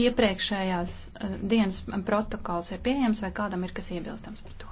Iepriekšējās eh, dienas protokols ir pieejams vai kādam ir kas iebilstams par to?